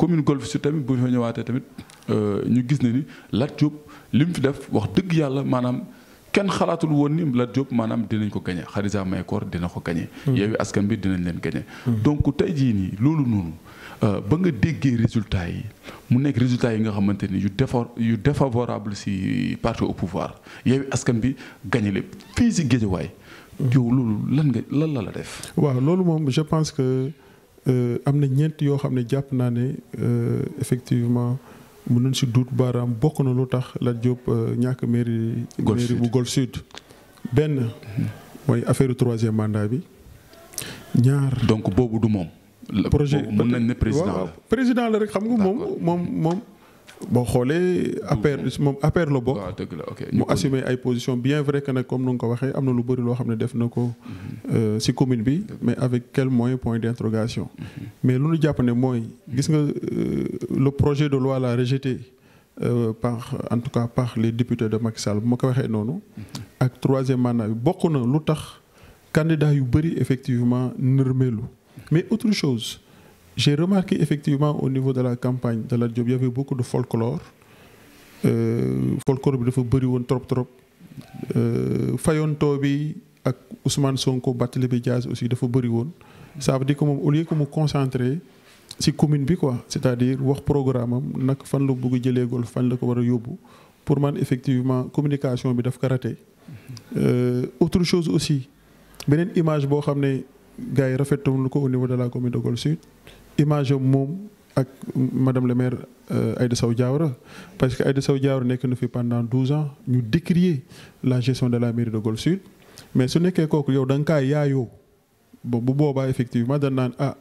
commune Golf Sud tamit bu ñu fa ñëwaatee tamit euh, ñu gis ne ni Lat Diop mu fi def wax dëgg yàlla maanaam kenn xalaatul woon ni Lat Diop maanaam dinañ ko gañe Khadija Mahécor dina ko gañe hmm. Yewwi Askan bi dinañ leen gañe hmm. donc tey jii nii loolu noonu euh, ba nga déggee résultat yi mu nekk résultat yi nga xamante ni yu défor yu défavorable si partie au pouvoir Yewwi Askan bi gañe lépp fii si Guédiawaye yow loolu lan nga lan la la def waaw loolu moom je pense que Euh, am na ñeent yoo xam ne jàpp naa ne euh, effectivement mën nañ si duut baaraam bokk na lu tax Lat Diop euh, ñàkk mairie mairie bu Golf Sud benn mhm. mooy affaire troisième mandat bi ñaar donc boobu du moom projet mën nañ ne président la président la rek xam nga moom moom moom boo xoolee. affaire moom affaire la bokk. waaw dëgg la mu assumer ay position bien vrai que ne comme nu nga ko waxee am na lu bëri loo xam ne def na ko euh, si commune bi. mais avec quel moyen point d' interrogation. Mhm. mais lu ñu jàpp ne mooy. gis nga euh, lu projet de loi la rejeté euh, par en tout cas par les députés de Macky bu ma ko waxee noonu. Mhm. ak troisième mandat bi bokk na lu tax. candidat yu bëri effectivement nërmeelu mais autre chose. j'ai remarqué effectivement au niveau de la campagne de la Diop y avait beaucoup de folklore euh, folklore bi dafa bëri woon trop trop euh, fayonto bi ak Ousmane Sonko bi Dias aussi dafa bëri woon ça veut dire que moom au lieu que mu concentré si commune bi quoi c'est-à-dire wax programme am nag fan la bugg jëlee gol fan la ko war a yóbbu pour man effectivement communication bi daf ko raté euh, autre chose aussi beneen image boo xam ne gars yi rafetlu ko au de la commune de Gueule Sud image moom ak madame le maire euh, Aïda Sow Diawara parce que Aïda Sow Diawara nekk na fi pendant douze ans ñu décrier la gestion de la mairie de Gueule Sud mais su nekkee kooku yow da nga kaa yaayoo bu boobaa effectivement da naan ah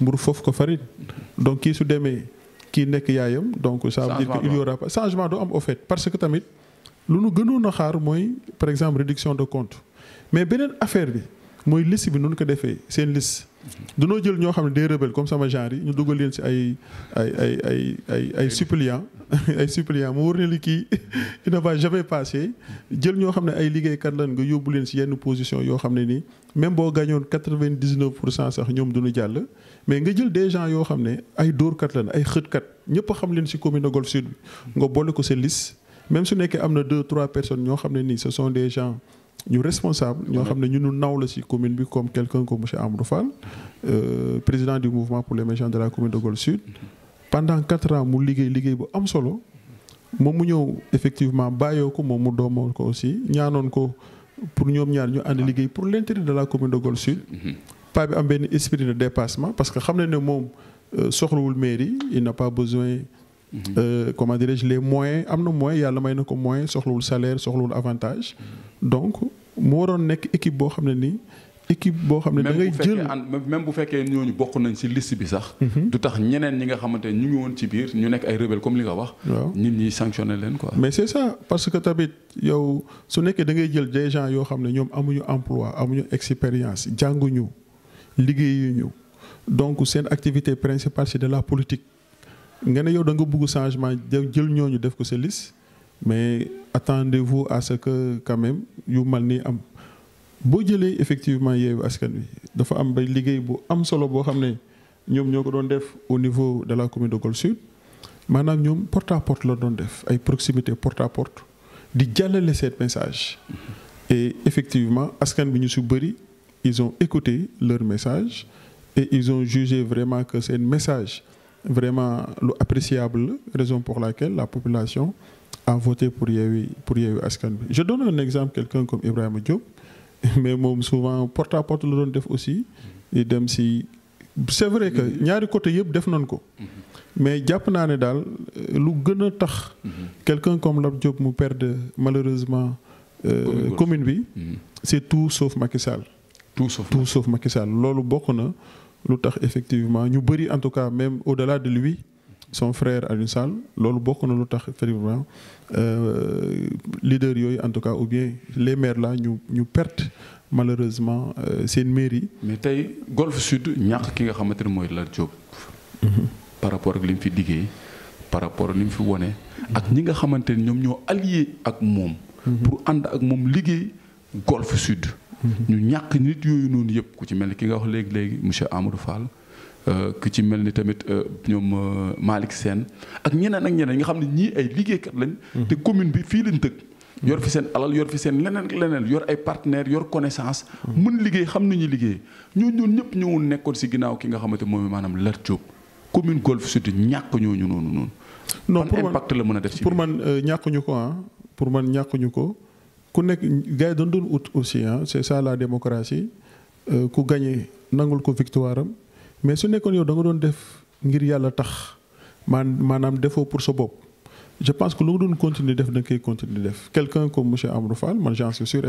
mburu foofu ko farin donc kii su demee kii nekk yaayam donc ça veut dire que il y aura changement du am au parce que tamit lu nu gënoon a xaar mooy par exemple réduction de compte mais beneen affaire bi mooy liste bi noonu ko defee seen liste. danoo jël ñoo xam ne des rebelles comme sama genre yi ñu dugal leen si ay ay ay ay ay ay suppléants ay suppléants mu wër ne li kii il ne jamais passer jël ñoo xam ne ay liggéeykat lan nga yóbbu leen si yenn position yoo xam ne nii même boo gàñoon quatre-vingt-dix-neuf pour cent sax ñoom duñu jàll mais nga jël des gens yoo xam ne ay dóorkat lan ay xëtkat ñëpp xam leen si commune de Golf Sud bi nga boole ko sa liste même su nekkee am na deux trois personnes ñoo xam ne nii ce des gens ñu responsable ñoo xam ne ñu nu naw la si commune bi comme quelqu'un comme monsieur Amadou Fall euh, président du mouvement pour l'émergence de la commune de Golf Sud pendant quatre mu liggéey liggéey bu am solo moom mu ñëw effectivement bàyyoo ko moom mu doomoon ko aussi ñaanoon ko pour ñoom ñaar ñu ànd liggéey pour l'intérêt de la commune de Golf Sud mhm. paa bi am benn esprit de dépassement parce que xam ne ne moom euh, soxlawul mairie il n'a pas besoin Euh, comment dirais-je les moyens am na moyen yàlla may na ko moyen soxlawul salaire soxlawul avantage donc mu waroon nekk équipe boo xam ne nii équipe boo xam ne da ngay jël même bu fekkee ñooñu bokk nañ ci liste bi sax. Mhm. du tax ñeneen ñi nga xamante ñu ngi woon ci biir ñu nekk ay rebelle comme li nga wax. waaw nit ñi sanctionné leen ko mais c'est ça parce que tamit yow su nekkee da ngay jël des gens yoo xam ne ñoom amuñu emploi amuñu expérience jànguñu liggéeyuñu donc seen activité principale c'est de la politique. nga ne yow da nga bugg changement jël ñooñu def ko sa liste mais attendez-vous à ce que quand yu mal nii am boo jëlee effectivement yeewu askan wi dafa am bay liggéey bu am solo boo xam ne ñoom ñoo ko doon def au niveau de la commune de Golf Sud maanaam ñoom porte à porte la doon def ay proximité porte à porte di jàllale set message mm-hmm. et effectivement askan bi ñu su bëri ils ont écouté leur message et ils ont jugé vraiment que seen message vraiment lu appréciable raison pour laquelle la population a voté pour Yewwi pour Yewwi Askan Wi je donne un exemple quelqu'un comme Ibrahima Diop mais moom souvent porte à porte la doon def aussi di dem si c'est vrai que ñaari côté yëpp def nañ ko mais jàpp naa ne daal euh, lu gën a tax quelqu'un comme Lat Diop mu perdre malheureusement euh, commune bi mhm. c'est tout sauf Macky Sall tout sauf Macky Sall loolu bokk na lu tax effectivement ñu bëri en tout cas même au-delà de lui son frère Aliou Sall loolu bokk na lu tax effectivement euh, leader yooyu en tout cas ou bien les maires la ñu ñu perte malheureusement euh, seen mairie. mais tey Golf Sud ñàkk ki nga xamante ne mooy la Diop. Mhm. par rapport ak lim fi liggéey par rapport ak lim fi wone ak ñi nga xamante ne ñoom ñoo allié ak moom. Mhm. pour ànd ak moom liggéey Golf Sud. ñu ñàkk nit yooyu noonu yëpp ku ci mel ni ki nga wax léegi léegi monsieur Amadou Fall. Euh, ku ci mel ni tamit euh, ñoom euh, Malick Sène ak ñeneen ak ñeneen nga xam ne ñii ay liggéeykat lañ. Mm-hmm. te commune bi fii lañ dëkk. yor fi seen alal yor fi seen leneen leneen yor ay partenaires yor connaissance. Mm-hmm. mën liggéey xam nañu liggéey ñooñu ñoom ñëpp ñëwoon nekkoon si ginnaaw ki nga xamante moom maanaam Lat Diop commune Golf Sud ñàkk ñooñu noonu noonu. non pour man impact la mën a def si. pour man ñàkkuñu ko ah pour man ñàkkuñu ko. ku nekk gars yi doon doon ut aussi ah c'est ça la démocratie euh, ku gagné nangul ko victoire am mais su nekkoon yow da nga doon def ngir yàlla tax maan maanaam defoo pour sa bopp. je pense que lu nga doon continuer def da nga koy def quelqu'un comme monsieur Amadou Fall man j'en suis sûr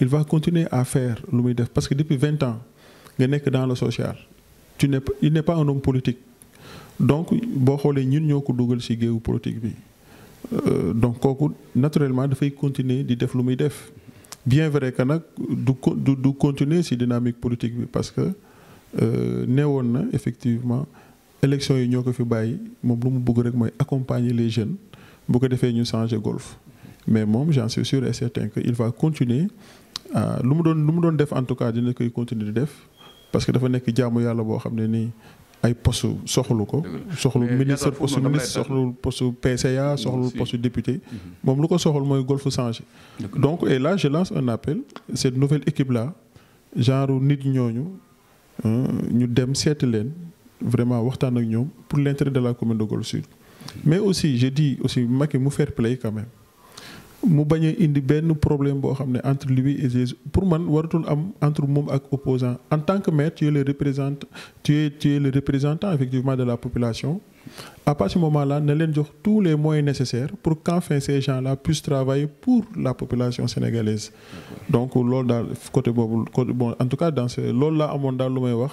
il va continuer à faire lu muy def parce que depuis vingt ans nga nekk dans le social. tu n'es il n'est pas un homme politique donc boo xoolee ñun ñoo ko dugal ci géewu politique bi. Euh, donc kooku naturellement dafay continuer di def lu muy def bien vrai que nag du du du continuer ci dynamique politique bi parce que euh, nee woon na effectivement élection yi ñoo ko fi bàyyi moom lu mu bugg rek mooy accompagner les jeunes bu ko defee ñu changer golf mais moom j'en suis sûr et certain que il va continuer lu mu doon lu mu doon def en tout cas dina koy continuer di def parce que dafa nekk jaamu yàlla boo xam ne nii ay poste soxlu ko soxlu ministre poste ministre soxlu poste PCA soxlu poste député mhm. moom lu ko soxal mooy golf changé donc et là je lance un appel cette nouvelle équipe là genre nit ñooñu ñu dem seet leen vraiment waxtaan ak ñoom pour l'intérêt de la commune de Golf Sud mhm. mais aussi je dis aussi Macky mu fair play quand même mu bañ indi benn problème boo xam ne entre lui et Jésus pour man waratul am entre moom ak opposant en tant que maire tu es le représentant tu es tu es le représentant effectivement de la population à partir du moment là na leen jox tous les moyens nécessaires pour qu'enfin ces gens-là puissent travailler pour la population sénégalaise donc loolu daal côté boobu côté bon en tout cas dans loolu laa amoon daal lu may wax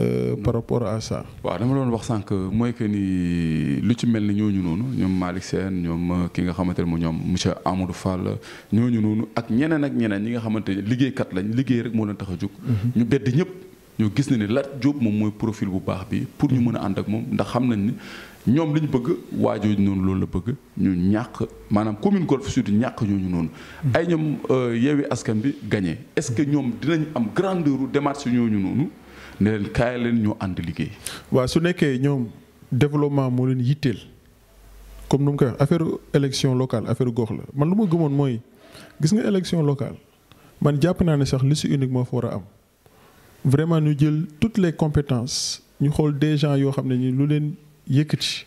euh, par rapport à ça waaw dama doon wax sànq mooy que ni lu ci mel ni ñooñu noonu ñoom Malick Sène ñoom euh, ki nga xamante ne mu ñoom monsieur Amadou Fall ñooñu noonu ak ñeneen ak ñeneen ñi nga xamante liggéeykat lañ liggéey rek moo leen tax a jóg mhm. ñu bedd ñëpp ñoo gis na ni Lat Diop moom mooy profil bu baax bi pour ñu mën a ànd ak moom ndax xam nañ ni ñoom li ñu bëgg waajooju noonu loolu la bëgg ñu ñàkk maanaam commune Golf Sud ñàkk ñooñu noonu ay ñoom euh, yeewi askan bi gagné est-ce que ñoom dinañu am grandeur démarche ñooñu noonu ne leen kaay leen ñoo ànd liggéey waaw su nekkee ñoom développement moo leen yitteel comme nu mu ko wax affaire élection locale affaire gox la man lu ma gëmoon mooy gis nga élection locale man jàpp naa ne sax liste unique moo fa a am vraiment ñu jël toutes les compétences ñu xool des gens yoo xam ne ñu lu leen yëkkati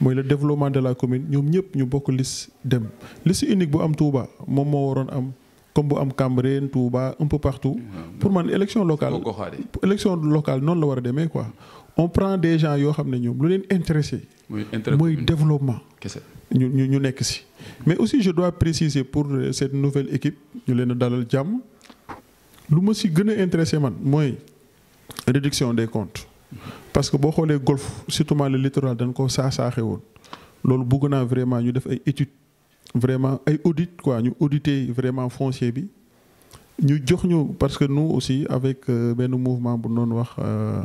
mooy le développement de la commune ñoom ñëpp ñu bokk liste dem liste unique bu am Touba moom moo waroon am comme bu am Cambérène Touba un peu partout pour man élection locale élection locale noonu la war a demee quoi on prend des gens yoo xam ne ñoom lu leen intéressé mooy développement ñu ñu ñu nekk si mais aussi je dois préciser pour euh, cette nouvelle équipe ñu leen a dalal jàmm lu ma si gën a intéressé man mooy réduction des comptes parce que boo xoolee golfe surtout le littoral dañ ko saa-saaxe woon loolu bëgg naa vraiment ñu def ay étude vraiment ay audit quoi ñu auditer vraiment foncier bi ñu jox ñu parce que nu aussi avec euh, benn mouvement bu noonu wax euh,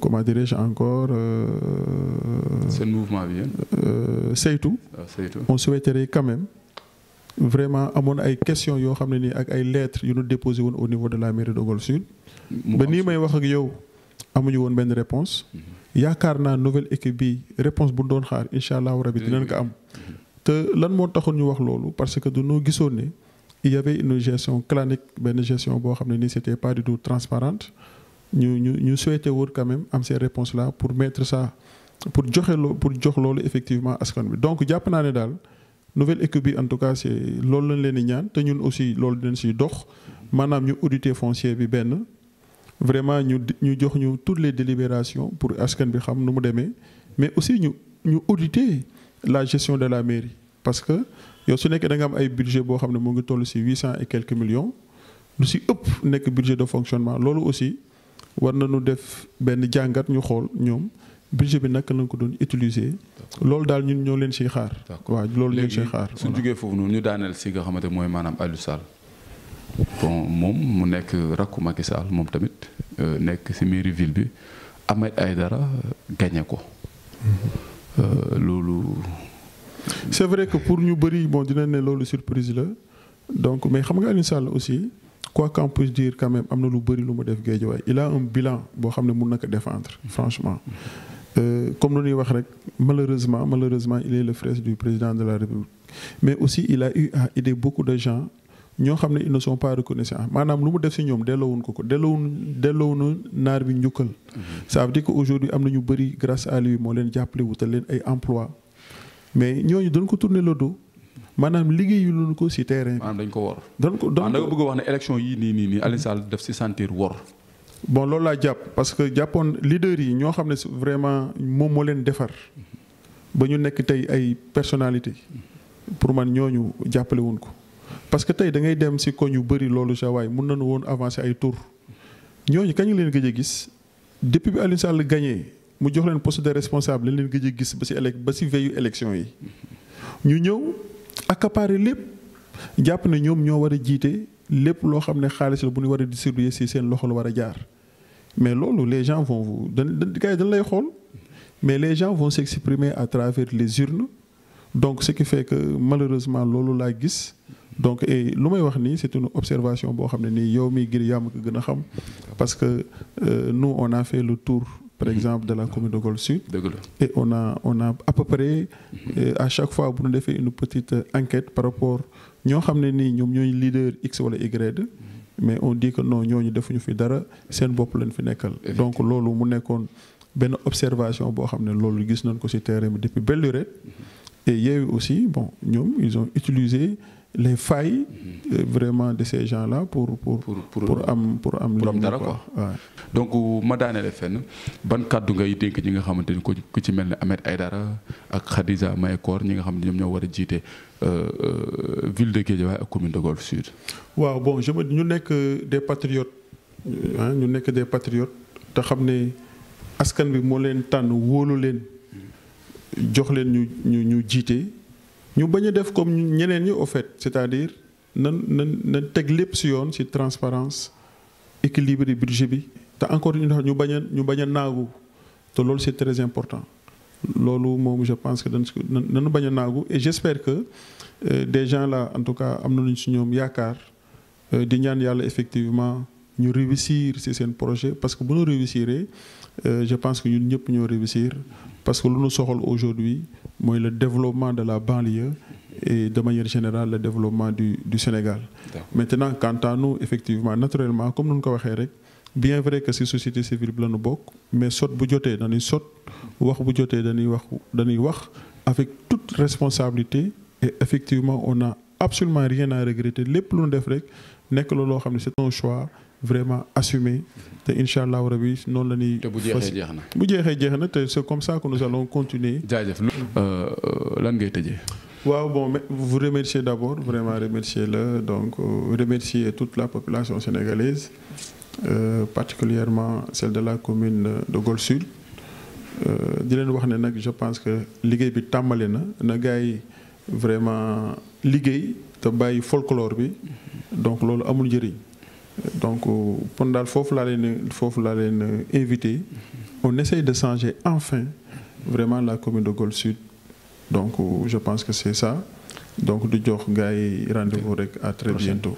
comment dirais-je encore. Euh, seen mouvement bi yéen. saytu. Ah, on souhaiterait quand même. vraiment amoon ay question yoo xam ne nii ak ay lettres yu ñu déposé woon au niveau de la mairie de Ogoul Sud. ba nii may wax ak yow amuñu woon benn réponse mm-hmm. yaakaar naa nouvelle équipe bi réponse bu doon xaar incha allahu rabi dinañ ko am. Mm-hmm. te lan moo taxoon ñu wax loolu parce que du noo gisoon ne il y avait clanique benn gestion boo xam ne nii c'était pas du tout transparente ñu ñu ñu souhaité woon quand même am ces réponses là pour mettre ça pour joxe loo pour jox loolu effectivement askan bi donc jàpp naa ne daal. nouvelle équipe bi en tout cas c' loolu lañ leen di ñaan te ñun aussi loolu dinañ siy dox maanaam ñu auditer foncier bi benn vraiment ñu ñu jox ñu toutes les délibérations pour askan bi xam nu mu demee mais aussi ñu ñu auditer la gestion de la mairie parce que yow su nekkee da nga am ay budget boo xam ne mu ngi toll si huit cent et quelques millions lu si ëpp nekk budget de fonctionnement loolu aussi war na nañu def benn jàngat ñu xool ñoom budget bi naka lañ ko doon utiliser. loolu daal ñun ñoo leen si xaar. waaw loolu leen siy xaar. suñ jugee foofu noonu ñu daaneel si nga xamante mooy maanaam Aliou Sall. moom mu nekk rakku Macky Sall moom tamit euh, nekk si mairie ville bi Ahmed Aïdara gagné ko. Mm-hmm. Euh, loolu. c'est vrai que pour ñu bëri bon dina ne loolu surprise la donc mais xam nga Aliou Sall aussi. quoi qu'on puisse dire quand même am na lu bëri lu mu def Guédiawaye il a un bilan boo xam ne mun na ko défendre franchement. Mm-hmm. Euh, comme lu ñuy wax rek malheureusement malheureusement il est le frère du président de la République mais aussi il a eu à aider beaucoup de gens ñoo xam ne ils ne sont pas reconnaissants maanaam lu mu def si ñoom delloowuñ ko ko delloowuñ delloowuñu naar bi njukkal. sa veut dire que aujourd'hui am na ñu bëri grâce à lui moo leen jàppale wutal leen ay emploi mais ñooñu dañ ko tourner le dos maanaam liggéeyuloon ko si terrain dañ ko wor. dañ ko dañ ko bëgg wax ne élection yii nii nii nii si sentir wor. bon loolu laa jàpp parce que jàppoon leader yi ñoo xam ne vraiment moom moo leen defar ba ñu nekk tey ay personnalité pour man ñooñu jàppale woon ko parce que tey da ngay dem si koñ yu bëri loolu jawaay mun nañu woon avancé ay tour ñooñu kañ leen gëj a gis depuis bi Aliou Sall mu jox leen poste de responsable lañ leen gëj a gis ba si élec ba si veillu élection yi ñu ñëw accaparer lépp jàpp na ñoom ñoo war a jiite lépp loo xam ne xaalis bu ñu war a distribuer si seen loxo la war a jaar mais loolu les gens vont vous dañ gars lay xool mais les gens vont s'exprimer à travers les urnes donc ce qui fait que malheureusement loolu laa gis donc et lu may wax nii c'est une observation boo xam ne nii yow mii gir yaa ko gën a xam parce que euh, nous on a fait le tour par mm-hmm. exemple de la commune de Golf Sud et on a on a à peu près euh, à chaque fois bu ñu defee une petite enquête par rapport ñoo xam ne nii ñoom ñooñu leader x wala y mais on dit que non ñooñu defuñu fi dara seen bopp lañ fi nekkal. donc loolu mu nekkoon benn observation boo xam ne loolu gis nañ ko ci terrain bi depuis belle lurette. et Yewwi aussi bon ñoom ils ont utilisé. les failles euh, vraiment de ces gens-là pour pour pour am pour am. pour am dara quoi donc euh, ma daanele fenn ban kàddu ngay dénk ñi nga xamante ni ku ci mel ni ne ay dara ak Khadija Mahécor ñi nga xam ne ñoom ñoo war a jiite euh, ville de Guédiawaye ak commune de Golf Sud. waaw bon je ñu nekk des patriotes ah ñu nekk des patriotes te xam ne askan bi moo leen tànn wóolu leen jox leen ñu ñu ñu jiite. ñu bañ a def comme ñeneen ñi au fait cest a dire nan nan nan teg lépp si yoon ci transparence équilibre yi bi te encore une fois ñu bañ a ñu bañ a naagu te loolu c'est très important loolu moom je pense que dañ si nañu bañ a naagu et j'espère que euh, des gens là en tout cas am na nañu si ñoom yaakaar euh, di ñaan yàlla effectivement ñu réussir ci seen projet parce que bu ñu réussir euh, je pense que ñun ñëpp ñoo réussir parce que lu ñu soxal aujourd'hui mooy le développement de la banlieue et de manière générale le développement du du Sénégal. maintenant quant à effectivement naturellement comme nu ko waxee rek. bien vrai que ci société civile bi la ñu bokk mais sot bu jotee dañuy sot wax bu jotee dañuy wax dañuy wax avec toute responsabilité et effectivement on a absolument rien à regretter lépp def rek nekk la loo xam ne c'est un choix. vraiment assumé mm-hmm. te incha allah rabi noonu la ñuy. te bu jeexee jeex na bu jeexee jeex na te comme ça que nous allons continuer. jaajëf euh, euh, lan ngay tëjee. waaw bon vous remercier d'abord vraiment remercier la donc euh, remercier toute la population sénégalaise euh, particulièrement celle de la commune de Golf Sud di leen wax ne nag je pense que liggéey bi tàmbali na na gars yi vraiment liggéey te bàyyi folklore bi mm-hmm. donc loolu amul njëriñ. donc euh, pour daal foofu la leen foofu laa leen euh, invité mm-hmm. on essaye de changer enfin vraiment la commune de Golf Sud donc euh, je pense que c'est ça donc du jox ngay yi rendez-vous rek à très bientôt